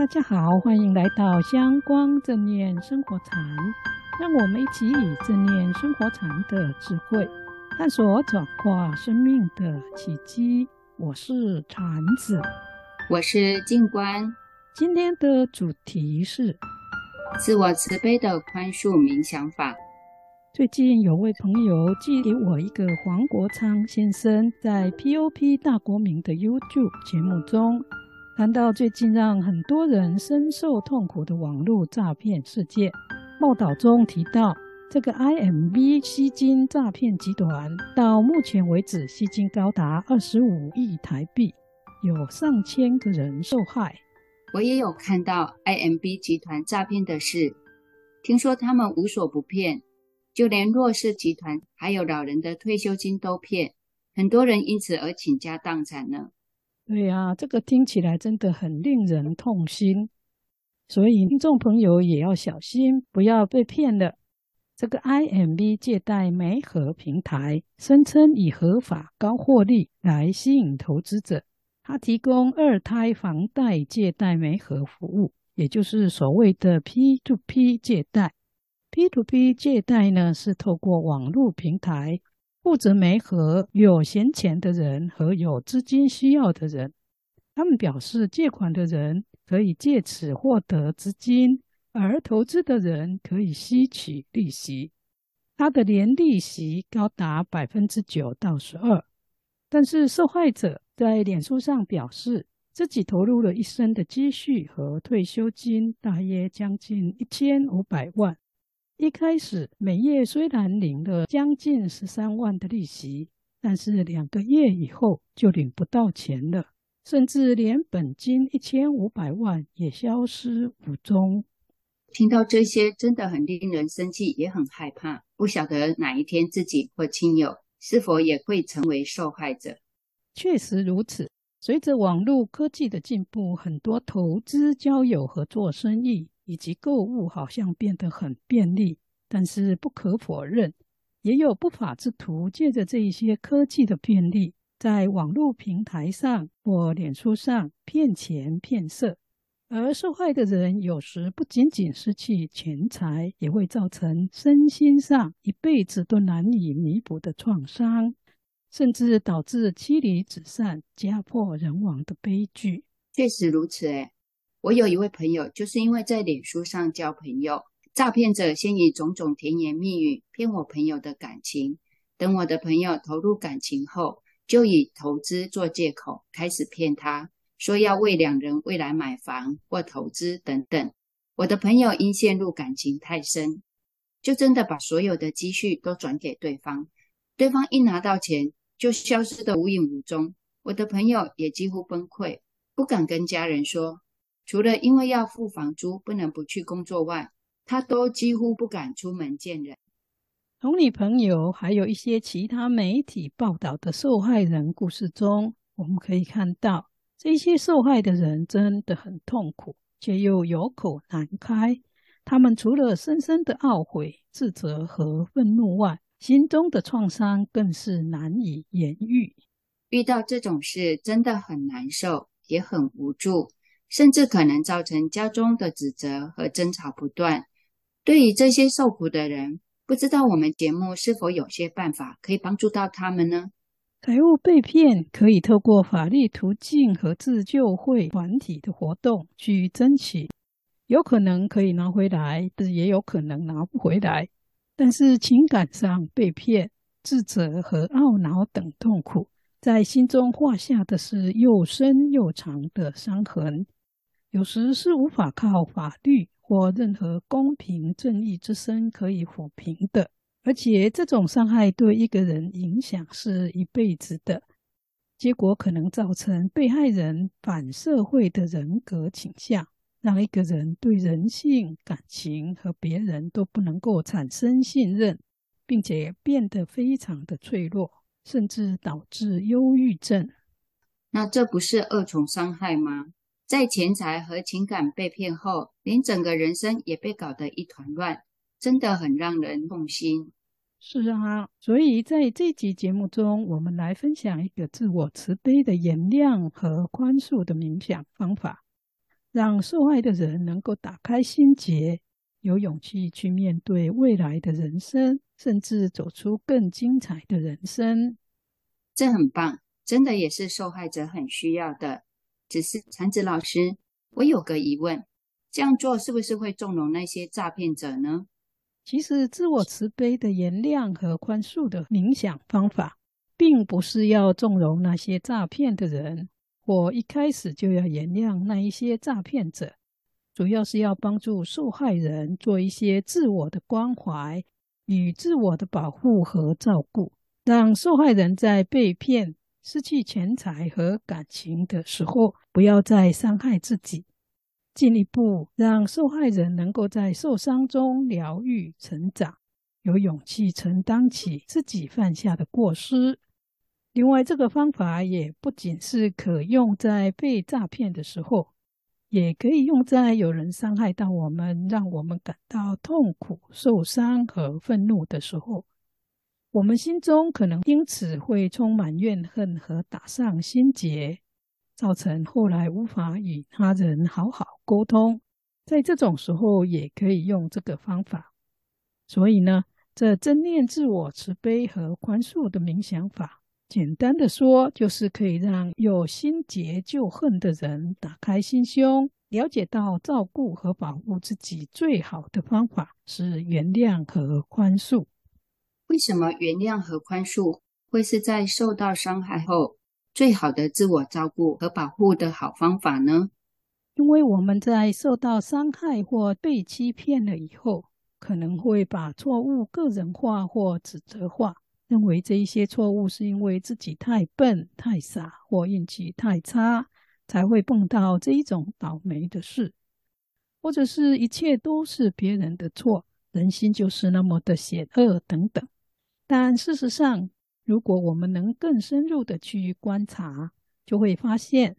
大家好，歡迎來到《香光正念生活禪》，讓我們一起以正念生活禪的智慧，探索轉化生命的奇蹟。我是禪子，我是靜觀。今天的主題是自我慈悲的寬恕冥想法。最近有位朋友寄給我一個黃國昌先生在 POP 大國民的 YouTube 節目中，談到最近讓很多人深受痛苦的網絡詐騙事件，報道中提到，這個 IMB 吸金詐騙集團到目前為止吸金高達二十五億台幣，有上千個人受害。我也有看到 IMB 集團詐騙的事，聽說他們無所不騙，就連弱勢集團還有老人的退休金都騙，很多人因此而傾家蕩產了。對啊，這個聽起來真的很令人痛心，所以聽眾朋友也要小心，不要被騙了。這個 im.B 借貸媒合平台聲稱以合法高獲利來吸引投資者，它提供二胎房貸借貸媒合服務，也就是所謂的 P to P 借貸。P to P 借貸呢，是透過網絡平台。負責媒合有閒錢的人和有資金需要的人，他們表示，借款的人可以借此獲得資金，而投資的人可以吸取利息。他的年利息高達百分之九到十二。但是受害者在臉書上表示，自己投入了一生的積蓄和退休金，大約將近一千五百萬。一開始，每月雖然領了將近十三萬的利息，但是兩個月以後就領不到錢了，甚至連本金一千五百萬也消失無蹤。聽到這些，真的很令人生氣，也很害怕，不曉得哪一天自己或親友是否也會成為受害者。確實如此，隨着網絡科技的進步，很多投資、交友和做生意。以及購物好像變得很便利，但是不可否認，也有不法之徒借着這一些科技的便利，在網絡平台上或臉書上騙錢騙色，而受害的人有時不僅僅失去錢財，也會造成身心上一輩子都難以彌補的創傷，甚至導致妻離子散、家破人亡的悲劇。確實如此，欸，我有一位朋友，就是因為在臉書上交朋友，詐騙者先以種種甜言蜜語騙我朋友的感情，等我的朋友投入感情後，就以投資做借口開始騙他，說要為兩人未來買房或投資等等。我的朋友因陷入感情太深，就真的把所有的積蓄都轉給對方，對方一拿到錢就消失得無影無蹤，我的朋友也幾乎崩潰，不敢跟家人說。除了因為要付房租，不能不去工作外，他都幾乎不敢出門見人。從你朋友還有一些其他媒體報道的受害人故事中，我們可以看到，這些受害的人真的很痛苦，卻又有口難開。他們除了深深的懊悔、自責和憤怒外，心中的創傷更是難以言喻。遇到這種事，真的很難受，也很無助。甚至可能造成家中的指責和爭吵不斷。對於這些受苦的人，不知道我們節目是否有些辦法可以幫助到他們呢？財務被騙，可以透過法律途徑和自救會團體的活動去爭取，有可能可以拿回來，但也有可能拿不回來。但是情感上被騙、自責和懊惱等痛苦，在心中畫下的是又深又長的傷痕。有時是無法靠法律或任何公平正義之聲可以撫平的，而且這種傷害對一個人影響是一輩子的，結果可能造成被害人反社會的人格傾向，讓一個人對人性、感情和別人都不能夠產生信任，並且變得非常的脆弱，甚至導致憂鬱症。那這不是二重傷害嗎？在錢財和情感被騙後，連整個人生也被搞得一團亂，真的很讓人痛心。是啊，所以在這集節目中，我們來分享一個自我慈悲的原諒和寬恕的冥想方法，讓受害的人能夠打開心結，有勇氣去面對未來的人生，甚至走出更精彩的人生。這很棒，真的也是受害者很需要的。只是禪子老師，我有個疑問：這樣做是不是會縱容那些詐騙者呢？其實，自我慈悲的原諒和寬恕的冥想方法，並不是要縱容那些詐騙的人。我一開始就要原諒那一些詐騙者，主要是要幫助受害人做一些自我的關懷與自我的保護和照顧，讓受害人在被騙，失去錢財和感情的時候，不要再傷害自己，進一步讓受害人能夠在受傷中療癒、成長，有勇氣承擔起自己犯下的過失。另外，這個方法也不僅是可用在被詐騙的時候，也可以用在有人傷害到我們，讓我們感到痛苦、受傷和憤怒的時候。我們心中可能因此會充滿怨恨、和打上心結，造成後來無法與他人好好溝通。在這種時候，也可以用這個方法。所以呢，這正念自我慈悲和寬恕的冥想法，簡單的說，就是可以讓有心結舊恨的人打開心胸，了解到照顧和保護自己最好的方法是原諒和寬恕。為什麼原諒和寬恕會是在受到傷害後最好的自我照顧和保護的好方法呢？因為我們在受到傷害或被欺騙了以後，可能會把錯誤個人化或指責化，認為這一些錯誤是因為自己太笨、太傻或運氣太差才會碰到這種倒霉的事，或者是一切都是別人的錯，人心就是那麼的險惡等等。但事實上，如果我們能更深入的去觀察，就會發現，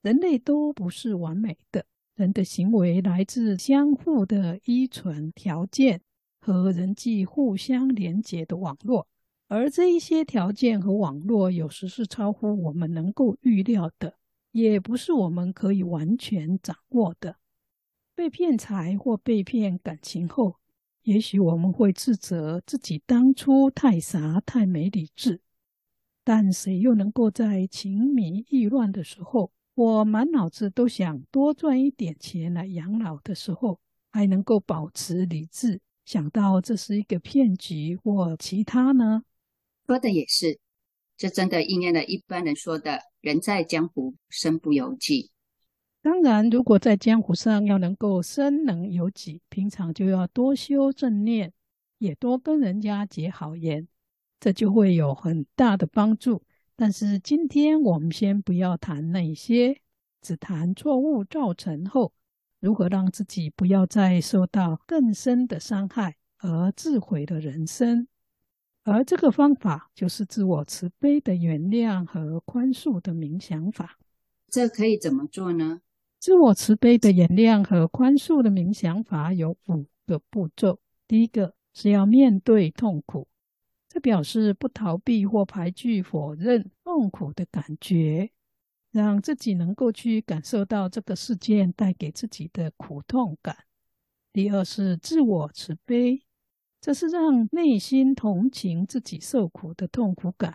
人類都不是完美的。人的行為來自相互的依存條件和人際互相連接的網絡，而這一些條件和網絡有時是超乎我們能夠預料的，也不是我們可以完全掌握的。被騙財或被騙感情後，也許我們會自責自己當初太傻、太沒理智，但誰又能夠在情迷意亂的時候，我滿腦子都想多賺一點錢來養老的時候，還能夠保持理智，想到這是一個騙局或其他呢？說的也是，這真的應驗了一般人說的“人在江湖，身不由己”。當然，如果在江湖上要能夠身能由己，平常就要多修正念，也多跟人家結好緣，這就會有很大的幫助。但是今天我們先不要談那些，只談錯誤造成後，如何讓自己不要再受到更深的傷害而自毀的人生。而這個方法就是自我慈悲的原諒和寬恕的冥想法。這可以怎麼做呢？自我慈悲的原諒和寬恕的冥想法有五個步驟。第一個是要面對痛苦，這表示不逃避或排拒、否認痛苦的感覺，讓自己能夠去感受到這個事件帶給自己的苦痛感。第二是自我慈悲，這是讓內心同情自己受苦的痛苦感。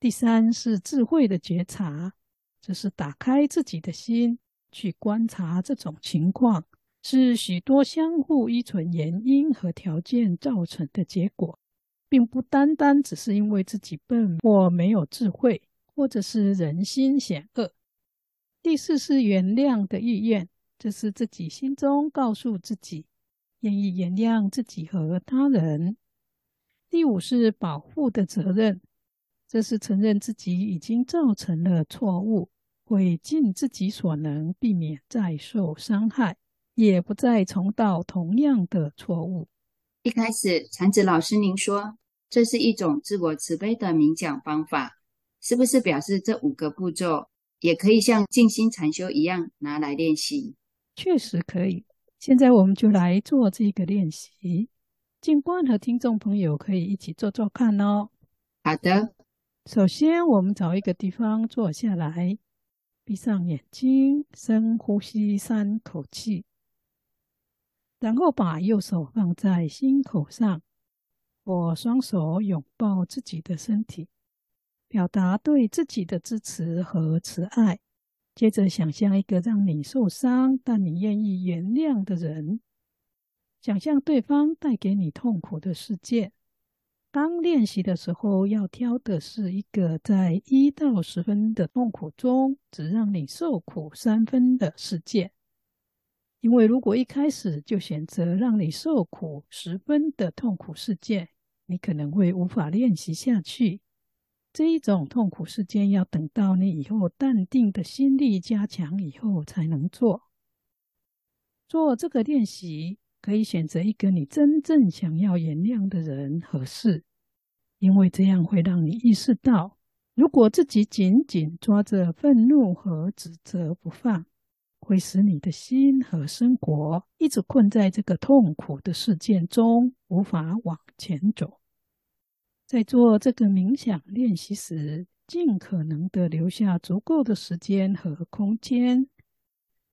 第三是智慧的覺察，這是打開自己的心。去觀察這種情況，是許多相互依存原因和條件造成的結果，並不單單只是因為自己笨或沒有智慧，或者是人心險惡。第四是原諒的意願，這是自己心中告訴自己，願意原諒自己和他人。第五是保護的責任，這是承認自己已經造成了錯誤，會盡自己所能避免再受傷害，也不再重蹈同樣的錯誤。一開始，禪子老師，您說這是一種自我慈悲的冥想方法，是不是表示這五個步驟也可以像靜心禪修一樣拿來練習？確實可以。現在我們就來做這個練習，靜觀和聽眾朋友可以一起做做看哦。好的，首先我們找一個地方坐下來。閉上眼睛，深呼吸三口氣，然後把右手放在心口上。我雙手擁抱自己的身體，表達對自己的支持和慈愛。接着，想象一個讓你受傷但你願意原諒的人，想象對方帶給你痛苦的世界。當練習的時候，要挑的是一個在一到十分的痛苦中，只讓你受苦三分的事件。因為如果一開始就選擇讓你受苦十分的痛苦事件，你可能會無法練習下去。這一種痛苦事件要等到你以後淡定的心力加強以後才能做。做這個練習，可以選擇一個你真正想要原諒的人和事，因為這樣會讓你意識到，如果自己緊緊抓着憤怒和指責不放，會使你的心和生活一直困在這個痛苦的事件中，無法往前走。在做這個冥想練習時，盡可能的留下足夠的時間和空間。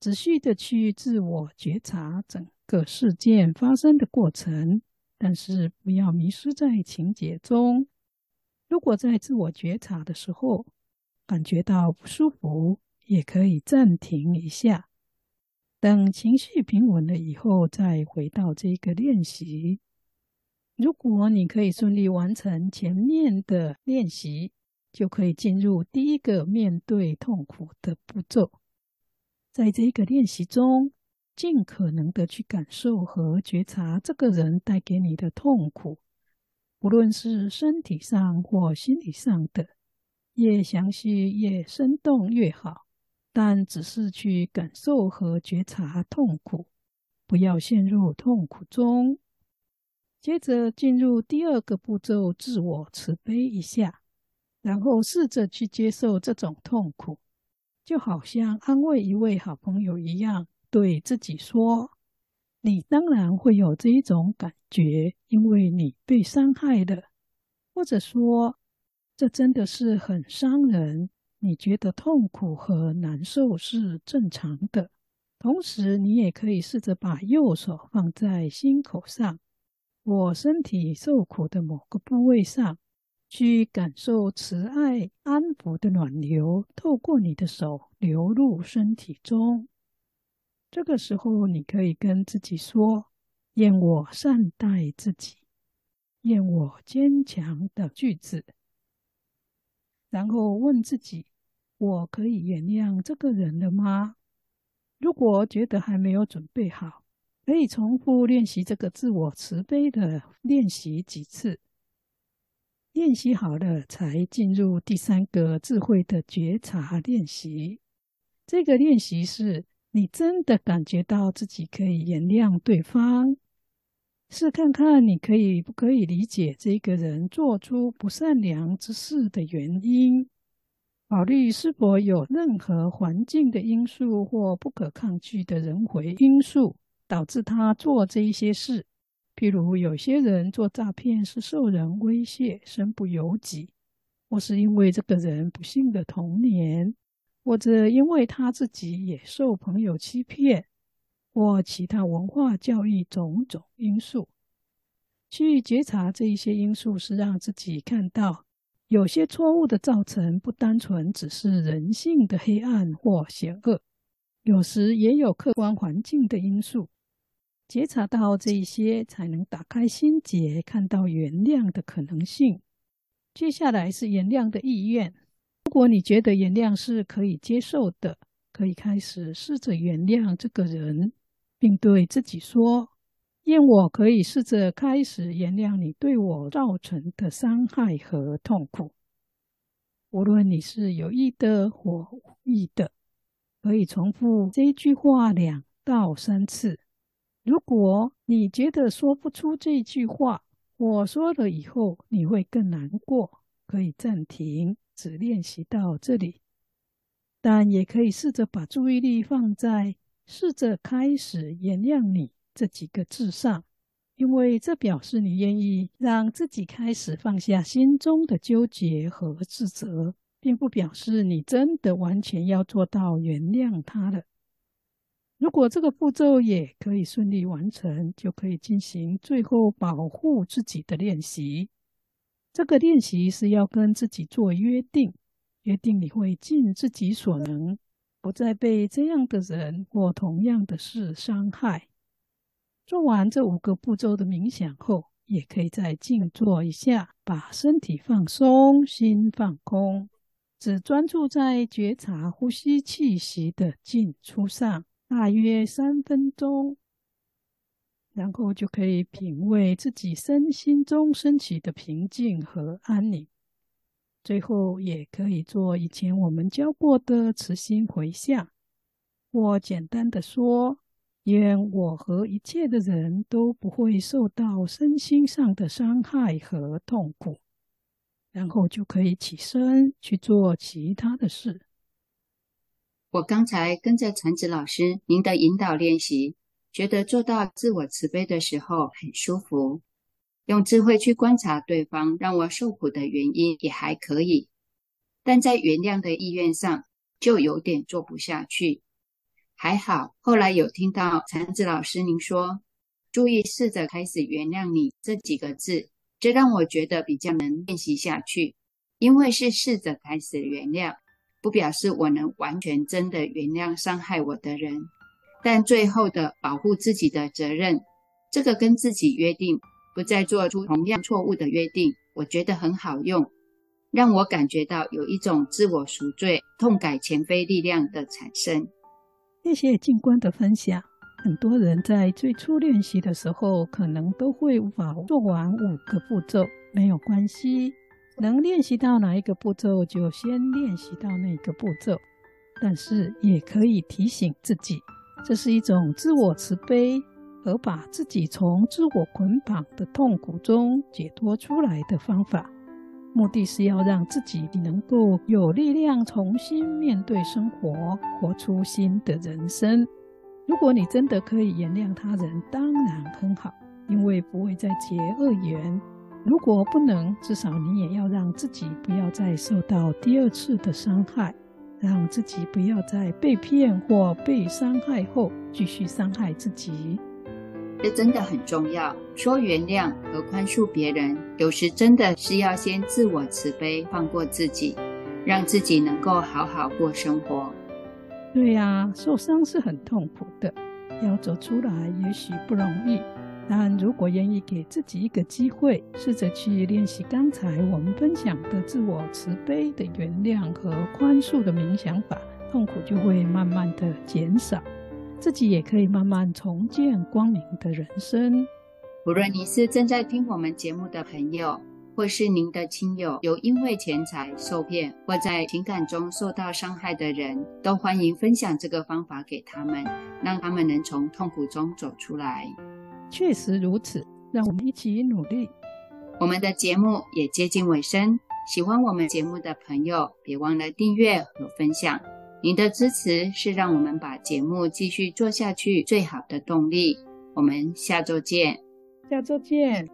仔細的去自我覺察整個事件發生的過程，但是不要迷失在情節中。如果在自我覺察的時候感覺到不舒服，也可以暫停一下，等情緒平穩了以後再回到這個練習。如果你可以順利完成前面的練習，就可以進入第一個面對痛苦的步驟。在這一個練習中，盡可能的去感受和覺察這個人帶給你的痛苦，不論是身體上或心理上的，越詳細、越生動越好。但只是去感受和覺察痛苦，不要陷入痛苦中。接着進入第二個步驟，自我慈悲一下，然後試着去接受這種痛苦。就好像安慰一位好朋友一樣，對自己說：“你當然會有這一種感覺，因為你被傷害了，或者說，這真的是很傷人。你覺得痛苦和難受是正常的。同時，你也可以試着把右手放在心口上，我身體受苦的某個部位上。”去感受慈愛安撫的暖流，透過你的手流入身體中。這個時候，你可以跟自己說：“願我善待自己，願我堅強的句子。”然後問自己：“我可以原諒這個人了嗎？”如果覺得還沒有準備好，可以重複練習這個自我慈悲的練習幾次。練習好了，才進入第三個智慧的覺察練習。這個練習是你真的感覺到自己可以原諒對方，是看看你可以不可以理解這個人做出不善良之事的原因，考慮是否有任何環境的因素或不可抗拒的人為因素導致他做這些事。譬如，有些人做詐騙是受人威脅，身不由己，或是因為這個人不幸的童年，或者因為他自己也受朋友欺騙，或其他文化教育種種因素。去覺察這一些因素，是讓自己看到有些錯誤的造成，不單純只是人性的黑暗或邪惡，有時也有客觀環境的因素。覺察到這一些，才能打開心結，看到原諒的可能性。接下來是原諒的意願。如果你覺得原諒是可以接受的，可以開始試着原諒這個人，並對自己說：“願我可以試着開始原諒你對我造成的傷害和痛苦。無論你是有意的或無意的。”可以重複這句話兩到三次。如果你覺得說不出這句話，我說了以後你會更難過，可以暫停，只練習到這裡。但也可以試着把注意力放在“試着開始原諒你”這幾個字上，因為這表示你願意讓自己開始放下心中的糾結和自責，並不表示你真的完全要做到原諒他了。如果這個步驟也可以順利完成，就可以進行最後保護自己的練習。這個練習是要跟自己做約定，約定你會盡自己所能，不再被這樣的人或同樣的事傷害。做完這五個步驟的冥想後，也可以再靜坐一下，把身體放鬆，心放空，只專注在覺察呼吸氣息的進出上。大約三分鐘，然後就可以品味自己身心中升起的平靜和安寧。最後也可以做以前我們教過的慈心回向。或簡單的說：願我和一切的人都不會受到身心上的傷害和痛苦。然後就可以起身去做其他的事。我剛才跟着橙子老師您的引導練習，覺得做到自我慈悲的時候很舒服，用智慧去觀察對方讓我受苦的原因也還可以，但在原諒的意願上就有點做不下去。還好後來有聽到橙子老師您說“注意試着開始原諒你”這幾個字，這讓我覺得比較能練習下去，因為是試着開始原諒。不表示我能完全真的原諒傷害我的人，但最後的保護自己的責任，這個跟自己約定不再做出同樣錯誤的約定，我覺得很好用，讓我感覺到有一種自我贖罪、痛改前非力量的產生。謝謝靜觀的分享。很多人在最初練習的時候，可能都會無法做完五個步驟，沒有關係。能練習到哪一個步驟，就先練習到那個步驟。但是也可以提醒自己，這是一種自我慈悲而把自己從自我捆綁的痛苦中解脫出來的方法。目的是要讓自己，能夠有力量重新面對生活，活出新的人生。如果你真的可以原諒他人，當然很好，因為不會再結惡緣。如果不能，至少你也要讓自己不要再受到第二次的傷害，讓自己不要再被騙或被傷害後繼續傷害自己。這真的很重要。說原諒和寬恕別人，有時真的是要先自我慈悲，放過自己，讓自己能夠好好過生活。對呀，受傷是很痛苦的，要走出來也許不容易。但如果願意給自己一個機會，試着去練習剛才我們分享的自我慈悲的原諒和寬恕的冥想法，痛苦就會慢慢的減少，自己也可以慢慢重見光明的人生。無論你是正在聽我們節目的朋友，或是您的親友，有因為錢財受騙或在情感中受到傷害的人，都歡迎分享這個方法給他們，讓他們能從痛苦中走出來。確實如此，讓我們一起努力。我們的節目也接近尾聲，喜歡我們節目的朋友，別忘了訂閱和分享。您的支持是讓我們把節目繼續做下去最好的動力。我們下周見，下周見。